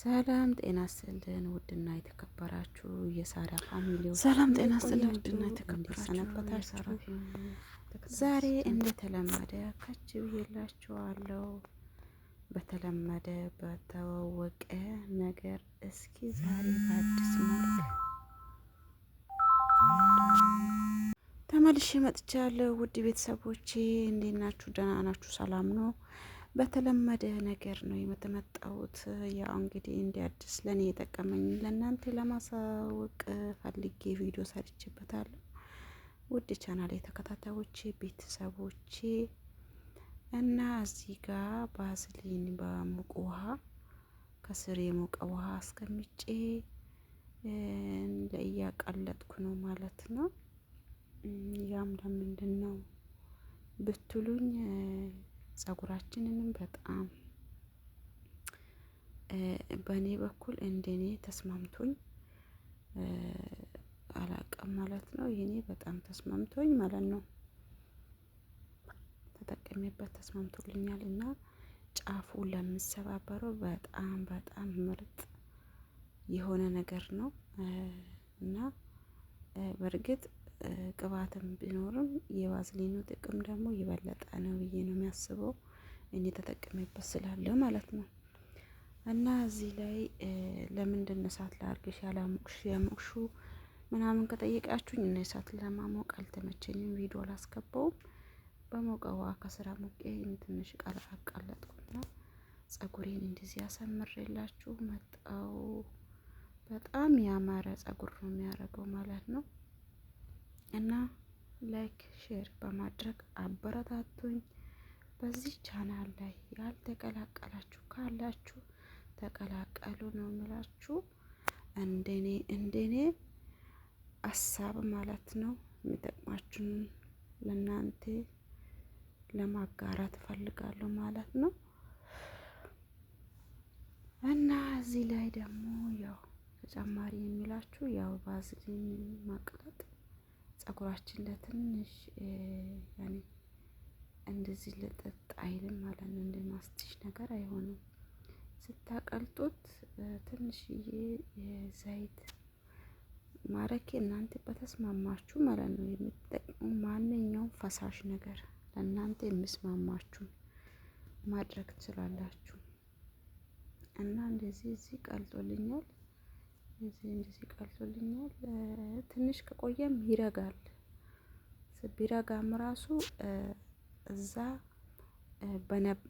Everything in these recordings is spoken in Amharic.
ሰላም ጤና ስልን ውድና የተከበራችሁ የሳራ ፋሚሊ፣ ሰላም ጤና ስልን ውድና የተከበራችሁ ዛሬ እንደተለመደ ከችው የላችኋለሁ። በተለመደ በተወቀ ነገር እስኪ ዛሬ በአዲስ መልክ ተመልሼ መጥቻለሁ። ውድ ቤተሰቦቼ እንዴት ናችሁ? ደህና ናችሁ? ሰላም ነው? በተለመደ ነገር ነው የምትመጣሁት። ያው እንግዲህ እንዲ አዲስ ለእኔ የጠቀመኝ ለእናንተ ለማሳወቅ ፈልጌ ቪዲዮ ሰርችበታለሁ። ውድ ቻናል የተከታታዮች ቤተሰቦቼ እና እዚህ ጋር ባዝሊን በሙቅ ውሃ ከስር የሞቀ ውሃ አስቀምጬ እያቀለጥኩ ነው ማለት ነው። ያም ለምንድን ነው ብትሉኝ ፀጉራችንንም በጣም በእኔ በኩል እንደኔ ተስማምቶኝ አላቀም ማለት ነው። የኔ በጣም ተስማምቶኝ ማለት ነው። ተጠቀሜበት ተስማምቶልኛል እና ጫፉ ለምሰባበረው በጣም በጣም ምርጥ የሆነ ነገር ነው እና በእርግጥ ቅባትም ቢኖርም የቫዝሊኑ ጥቅም ደግሞ የበለጠ ነው ብዬ ነው የሚያስበው። እኔ ተጠቅሜበት ስላለው ማለት ነው። እና እዚህ ላይ ለምንድን እሳት ላርግሽ ያላሞቅሽ ያሞቅሹ ምናምን ከጠየቃችሁኝ እና እሳት ለማሞቅ አልተመቸኝም፣ ቪዲዮ አላስገባውም። በሞቀ ውሃ ከስራ ሞቄ ትንሽ ቃል አቃለጥኩና ጸጉሬን እንደዚህ ያሳምሬላችሁ መጣው። በጣም ያማረ ጸጉር ነው የሚያደርገው ማለት ነው። እና ላይክ ሼር በማድረግ አበረታቱኝ። በዚህ ቻናል ላይ ያልተቀላቀላችሁ ካላችሁ ተቀላቀሉ ነው የምላችሁ። እንደኔ እንደኔ ሀሳብ ማለት ነው የሚጠቅማችሁን ለእናንተ ለማጋራት እፈልጋለሁ ማለት ነው እና እዚህ ላይ ደግሞ ያው ተጨማሪ የሚላችሁ ያው ቫዝሊን ማቅለጥ ፀጉራችን ለትንሽ ያኔ እንደዚህ ለጥጥ አይልም ማለት ነው። እንደ ማስቲሽ ነገር አይሆንም። ስታቀልጡት ትንሽዬ ዘይት ማረኬ እናንተ በተስማማችሁ ማለት ነው የምትጠቅሙ ማንኛውም ፈሳሽ ነገር ለእናንተ የሚስማማችሁ ማድረግ ትችላላችሁ እና እንደዚህ እዚህ ቀልጦልኛል። እንደዚህ እንደዚህ ቀልቶልኛል። ትንሽ ከቆየም ይረጋል። ቢረጋም ራሱ እዛ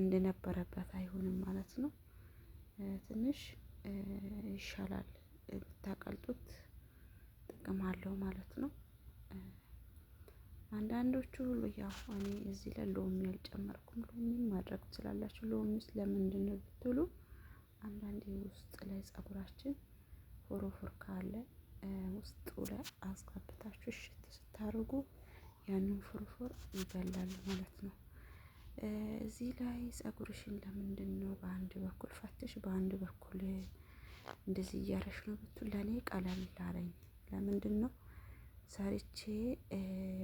እንደነበረበት አይሆንም ማለት ነው። ትንሽ ይሻላል። ብታቀልጡት ጥቅም አለው ማለት ነው። አንዳንዶቹ ያው እኔ እዚህ ላይ ሎሚ አልጨመርኩም። ሎሚ ማድረግ ትችላላችሁ። ሎሚስ ለምንድን ነው ብትሉ አንዳንዴ ውስጥ ላይ ጸጉራችን ፎሮፎር ካለ ውስጡ ላይ አስገብታችሁ እሽት ስታደርጉ ያንን ፎሮፎር ይበላል ማለት ነው። እዚህ ላይ ጸጉርሽን ለምንድን ነው በአንድ በኩል ፈትሽ በአንድ በኩል እንደዚህ እያረሽ ነው ብትሉ ለእኔ ቀለል ላለኝ ለምንድን ነው ሰርቼ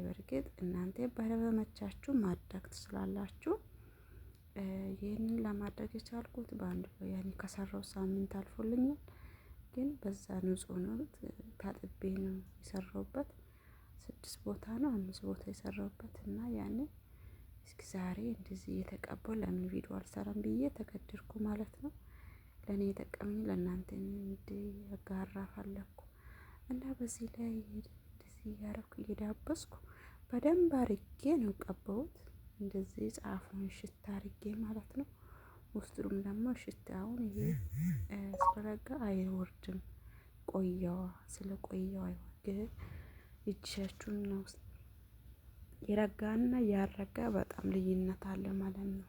በእርግጥ እናንተ በመቻችሁ ማድረግ ትችላላችሁ። ይህንን ለማድረግ የቻልኩት በአንድ ያኔ ከሰራው ሳምንት አልፎልኛል። ግን በዛ ንጹህ ነው። ታጥቤ ነው የሰራሁበት። ስድስት ቦታ ነው አምስት ቦታ የሰራሁበት እና ያን እስኪ ዛሬ እንደዚህ እየተቀባው ለምን ቪዲዮ አልሰራም ብዬ ተገደድኩ ማለት ነው። ለእኔ የጠቀመኝ ለእናንተ እንዲያጋራ ፈለግኩ እና በዚህ ላይ እንደዚህ እያረኩ እየዳበስኩ በደንብ አርጌ ነው ቀባሁት። እንደዚህ ጻፉን ሽታ አርጌ ማለት ነው። ውስጡም ደግሞ ሽታውን ይሄ ከተዘረጋ አይወርድም። ቆየዋ ስለ ቆየዋ ግን እጃችሁን ነው የረጋና ያረጋ በጣም ልዩነት አለ ማለት ነው።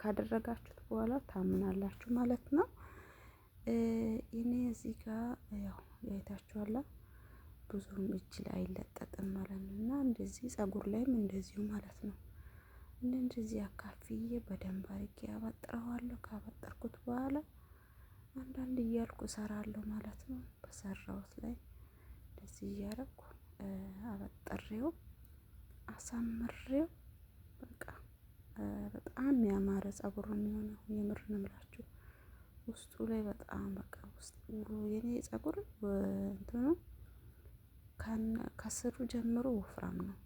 ካደረጋችሁት በኋላ ታምናላችሁ ማለት ነው። እኔ እዚህ ጋር ያው ያይታችኋላ ብዙም እጅ ላይ አይለጠጥም ማለት ነው እና እንደዚህ ጸጉር ላይም እንደዚሁ ማለት ነው። እንደዚህ አካፍዬ በደንብ አድርጌ አበጥረዋለሁ። ካበጠርኩት በኋላ አንዳንድ እያልኩ እሰራለሁ ማለት ነው። በሰራሁት ላይ እንደዚህ እያረኩ አበጠሬው አሳምሬው በቃ በጣም ያማረ ጸጉር ነው የሚሆነው የምር ነው የምላችሁ። ውስጡ ላይ በጣም በቃ ውስጡ የኔ ጸጉር እንትኑ ከስሩ ጀምሮ ወፍራም ነው፣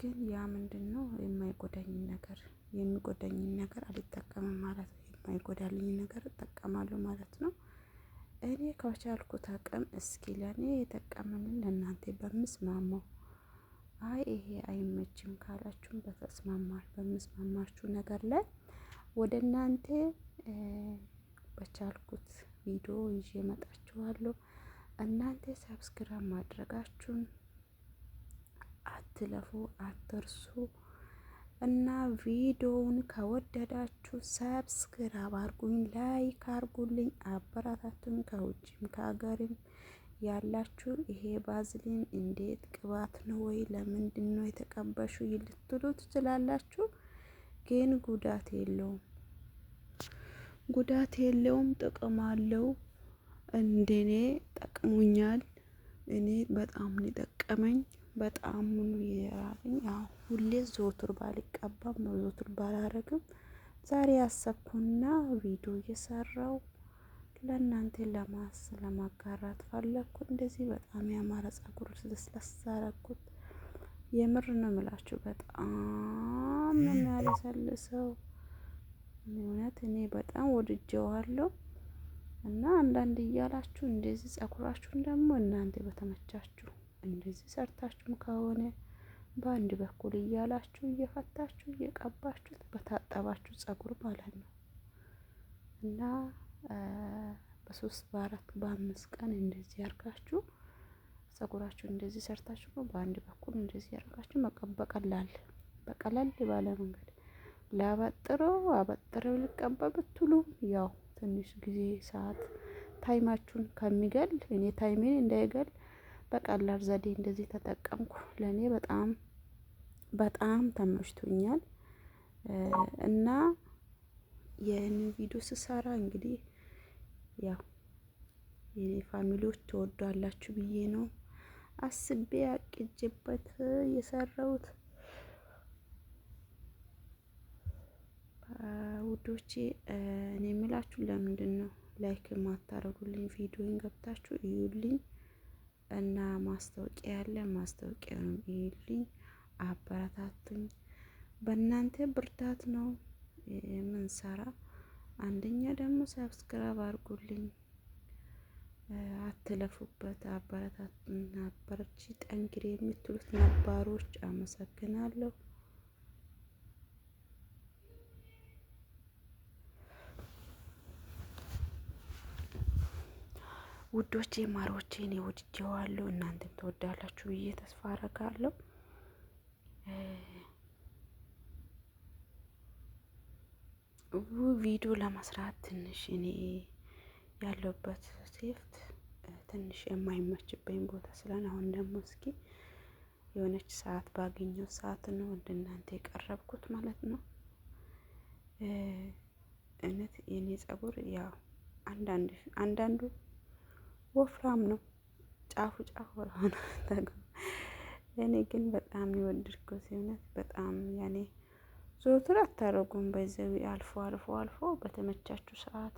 ግን ያ ምንድን ነው የማይጎዳኝን ነገር የሚጎዳኝን ነገር አልጠቀምም ማለት ነው። የማይጎዳልኝ ነገር እጠቀማለሁ ማለት ነው። እኔ ከቻልኩት አቅም እስኪ ለእኔ የጠቀመንን ለእናንተ በምስማማው አይ ይሄ አይመችም ካላችሁም በተስማማል በምስማማችሁ ነገር ላይ ወደ እናንተ በቻልኩት ቪዲዮ ይዤ እመጣችኋለሁ። እናንተ ሰብስክራይብ ማድረጋችሁን አትለፉ፣ አትርሱ። እና ቪዲዮውን ከወደዳችሁ ሰብስክራብ አርጉኝ፣ ላይክ አርጉልኝ፣ አበራታቱኝ። ከውጭም ከሀገርም ያላችሁ ይሄ ባዝሊን እንዴት ቅባት ነው ወይ ለምንድን ነው የተቀበሹ ይልትሉ ትችላላችሁ። ግን ጉዳት የለውም፣ ጉዳት የለውም፣ ጥቅም አለው። እንደኔ ጠቅሙኛል? እኔ በጣም ነው የጠቀመኝ። በጣም ምኑ የራበኝ ያው ሁሌ ዘወትር ባልቀባም ነው ዘወትር ባላረግም ዛሬ ያሰብኩና ቪዲዮ እየሰራው ለእናንተ ለማስ ለማጋራት ፈለግኩ። እንደዚህ በጣም ያማረ ጸጉር ለስለስ የምር ነው የምላችሁ፣ በጣም ነው የሚያለሰልሰው። እውነት እኔ በጣም ወድጀዋለሁ። እና አንዳንድ እያላችሁ እንደዚህ ጸጉራችሁን ደግሞ እናንተ በተመቻችሁ እንደዚህ ሰርታችሁም ከሆነ በአንድ በኩል እያላችሁ እየፈታችሁ እየቀባችሁት በታጠባችሁ ጸጉር ማለት ነው እና በሶስት በአራት በአምስት ቀን እንደዚህ ያርጋችሁ ጸጉራችሁ እንደዚህ ሰርታችሁ በአንድ በኩል እንደዚህ ያርጋችሁ መቀበቀላል በቀላል በቀለል ባለ መንገድ ለአበጥሮ አበጥሮ ልቀባ ብትሉ ያው ትንሽ ጊዜ ሰዓት ታይማችሁን ከሚገል እኔ ታይሜን እንዳይገል በቀላል ዘዴ እንደዚህ ተጠቀምኩ። ለእኔ በጣም በጣም ተመችቶኛል እና ይህንን ቪዲዮ ስሰራ እንግዲህ ያው የኔ ፋሚሊዎች ትወዷላችሁ ብዬ ነው አስቤ አቅጄበት የሰራሁት። ውዶቼ እኔ የምላችሁ ለምንድን ነው ላይክ የማታረጉልኝ? ቪዲዮን ገብታችሁ እዩልኝ። እና ማስታወቂያ ያለ ማስታወቂያውንም ይዩልኝ፣ አበረታቱኝ። በእናንተ ብርታት ነው የምንሰራ። አንደኛ ደግሞ ሰብስክራይብ አድርጉልኝ፣ አትለፉበት፣ አበረታቱኝ። አበረቺ ጠንክሬ የምትሉት ነባሮች አመሰግናለሁ። ውዶቼ ማሮቼ፣ እኔ ወድጀዋለሁ፣ እናንተም ትወዳላችሁ ብዬ ተስፋ አረጋለሁ። ቪዲዮ ለመስራት ትንሽ እኔ ያለበት ሴፍት ትንሽ የማይመችበኝ ቦታ ስለን አሁን ደግሞ እስኪ የሆነች ሰዓት ባገኘው ሰዓት ነው ወደ እናንተ የቀረብኩት ማለት ነው። እውነት የኔ ጸጉር ያው አንዳንዱ ወፍራም ነው ጫፉ ጫፉ ሆነ። እኔ ግን በጣም የወደድኩት ሲሆነት በጣም ያኔ ዞትር አታረጉም። በዚህ አልፎ አልፎ አልፎ በተመቻችሁ ሰዓት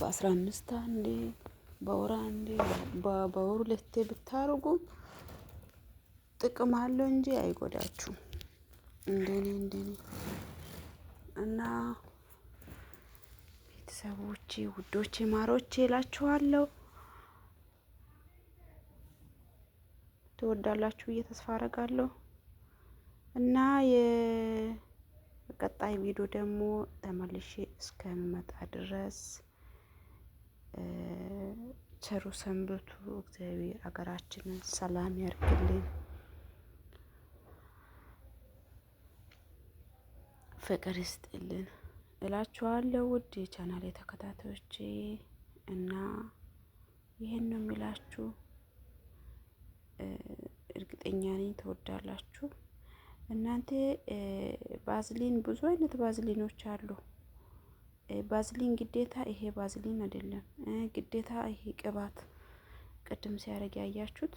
በአስራ አምስት አንዴ በወር አንዴ በወር ሁለቴ ብታረጉ ጥቅም አለው እንጂ አይጎዳችሁም። እንደኔ እንደኔ ፍቅሮቼ፣ ውዶቼ፣ ማሮቼ እላችኋለሁ። ትወዳላችሁ እየተስፋ አረጋለሁ እና የቀጣይ ቪዲዮ ደግሞ ተመልሼ እስከምመጣ ድረስ ቸሩ ሰንብቱ። እግዚአብሔር ሀገራችንን ሰላም ያርግልን፣ ፍቅር ይስጥልን። እላችኋለሁ ውድ የቻናል የተከታታዮች እና ይህን ነው የሚላችሁ። እርግጠኛ ነኝ ትወዳላችሁ። እናንተ ባዝሊን ብዙ አይነት ባዝሊኖች አሉ። ባዝሊን ግዴታ ይሄ ባዝሊን አይደለም ግዴታ ይሄ ቅባት ቅድም ሲያደርግ ያያችሁት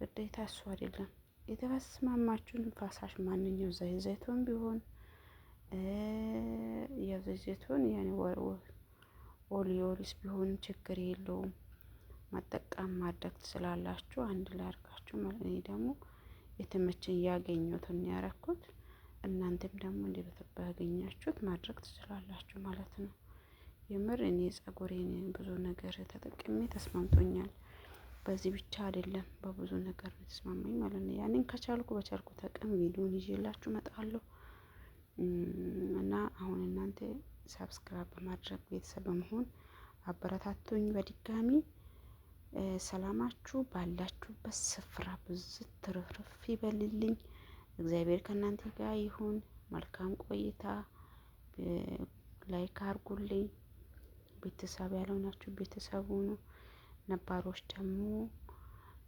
ግዴታ እሱ አይደለም። የተስማማችሁን ፈሳሽ ማንኛው ዘይቱን ቢሆን የዘይቱን ያን ኦሊስ ቢሆን ችግር የለውም። መጠቀም ማድረግ ትችላላችሁ። አንድ ላይ አርጋችሁ ማለት እኔ ደግሞ የተመቸኝ ያገኘሁትን ያረኩት እናንተም ደግሞ እንደ ባገኛችሁት ማድረግ ትችላላችሁ ማለት ነው። የምር እኔ ጸጉሬን ብዙ ነገር ተጠቅሜ ተስማምቶኛል። በዚህ ብቻ አይደለም በብዙ ነገር ነው ማለት ነው። ያንን ከቻልኩ በቻልኩ ተቀም ቪዲዮን ይዤላችሁ መጣለሁ። እና አሁን እናንተ ሰብስክራብ በማድረግ ቤተሰብ በመሆን አበረታቱኝ። በድጋሚ ሰላማችሁ ባላችሁበት ስፍራ ብዙ ትርፍርፍ ይበልልኝ። እግዚአብሔር ከእናንተ ጋር ይሁን። መልካም ቆይታ። ላይክ አርጉልኝ። ቤተሰብ ያልሆናችሁ ቤተሰብ ሁኑ። ነባሮች ደግሞ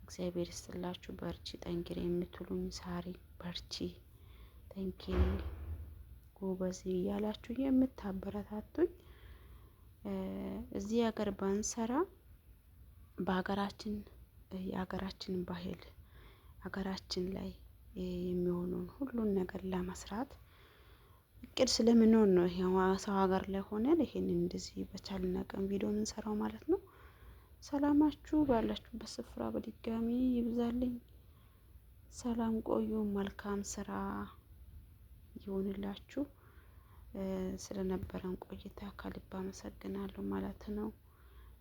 እግዚአብሔር ይስጥላችሁ። በርቺ ጠንኪሬ የምትሉኝ ዛሬ በርቺ ጠንክሪ ጎበዝ እያላችሁ የምታበረታቱኝ እዚህ ሀገር ባንሰራ በሀገራችን የሀገራችን ባህል ሀገራችን ላይ የሚሆነውን ሁሉን ነገር ለመስራት እቅድ ስለምንሆን ነው። ይሄ ሰው ሀገር ላይ ሆነን ይሄን እንደዚህ በቻልን አቅም ቪዲዮ የምንሰራው ማለት ነው። ሰላማችሁ ባላችሁበት ስፍራ በድጋሚ ይብዛልኝ። ሰላም ቆዩ። መልካም ስራ ይሁንላችሁ። ስለነበረን ቆይታ ከልብ አመሰግናለሁ ማለት ነው።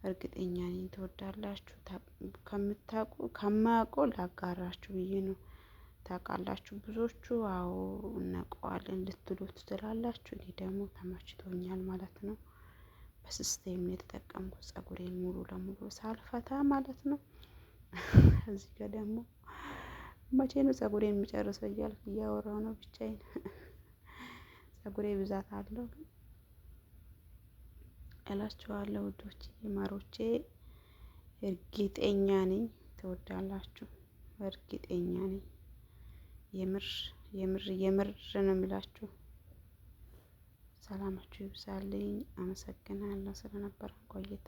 እርግጠኛ ነኝ ትወዳላችሁ። ከምታውቁ ከማያውቀው ላጋራችሁ ብዬ ነው። ታውቃላችሁ ብዙዎቹ አዎ እናውቀዋለን ልትሉ ትችላላችሁ። እኔ ደግሞ ተመችቶኛል ማለት ነው። በሲስቴም የተጠቀምኩት ጸጉሬን ሙሉ ለሙሉ ሳልፈታ ማለት ነው። እዚህ ጋር ደግሞ መቼ ነው ጸጉሬን የሚጨርሰው እያልኩ እያወራው ነው ብቻዬን ጸጉሬ ብዛት አለው ግን እላችኋለሁ ውዶቼ ማሮቼ፣ እርግጠኛ ነኝ ትወዳላችሁ። እርግጠኛ ነኝ የምር የምር የምር ነው የሚላችሁ ሰላማችሁ ይብዛልኝ። አመሰግናለሁ ስለነበረን ቆይታ።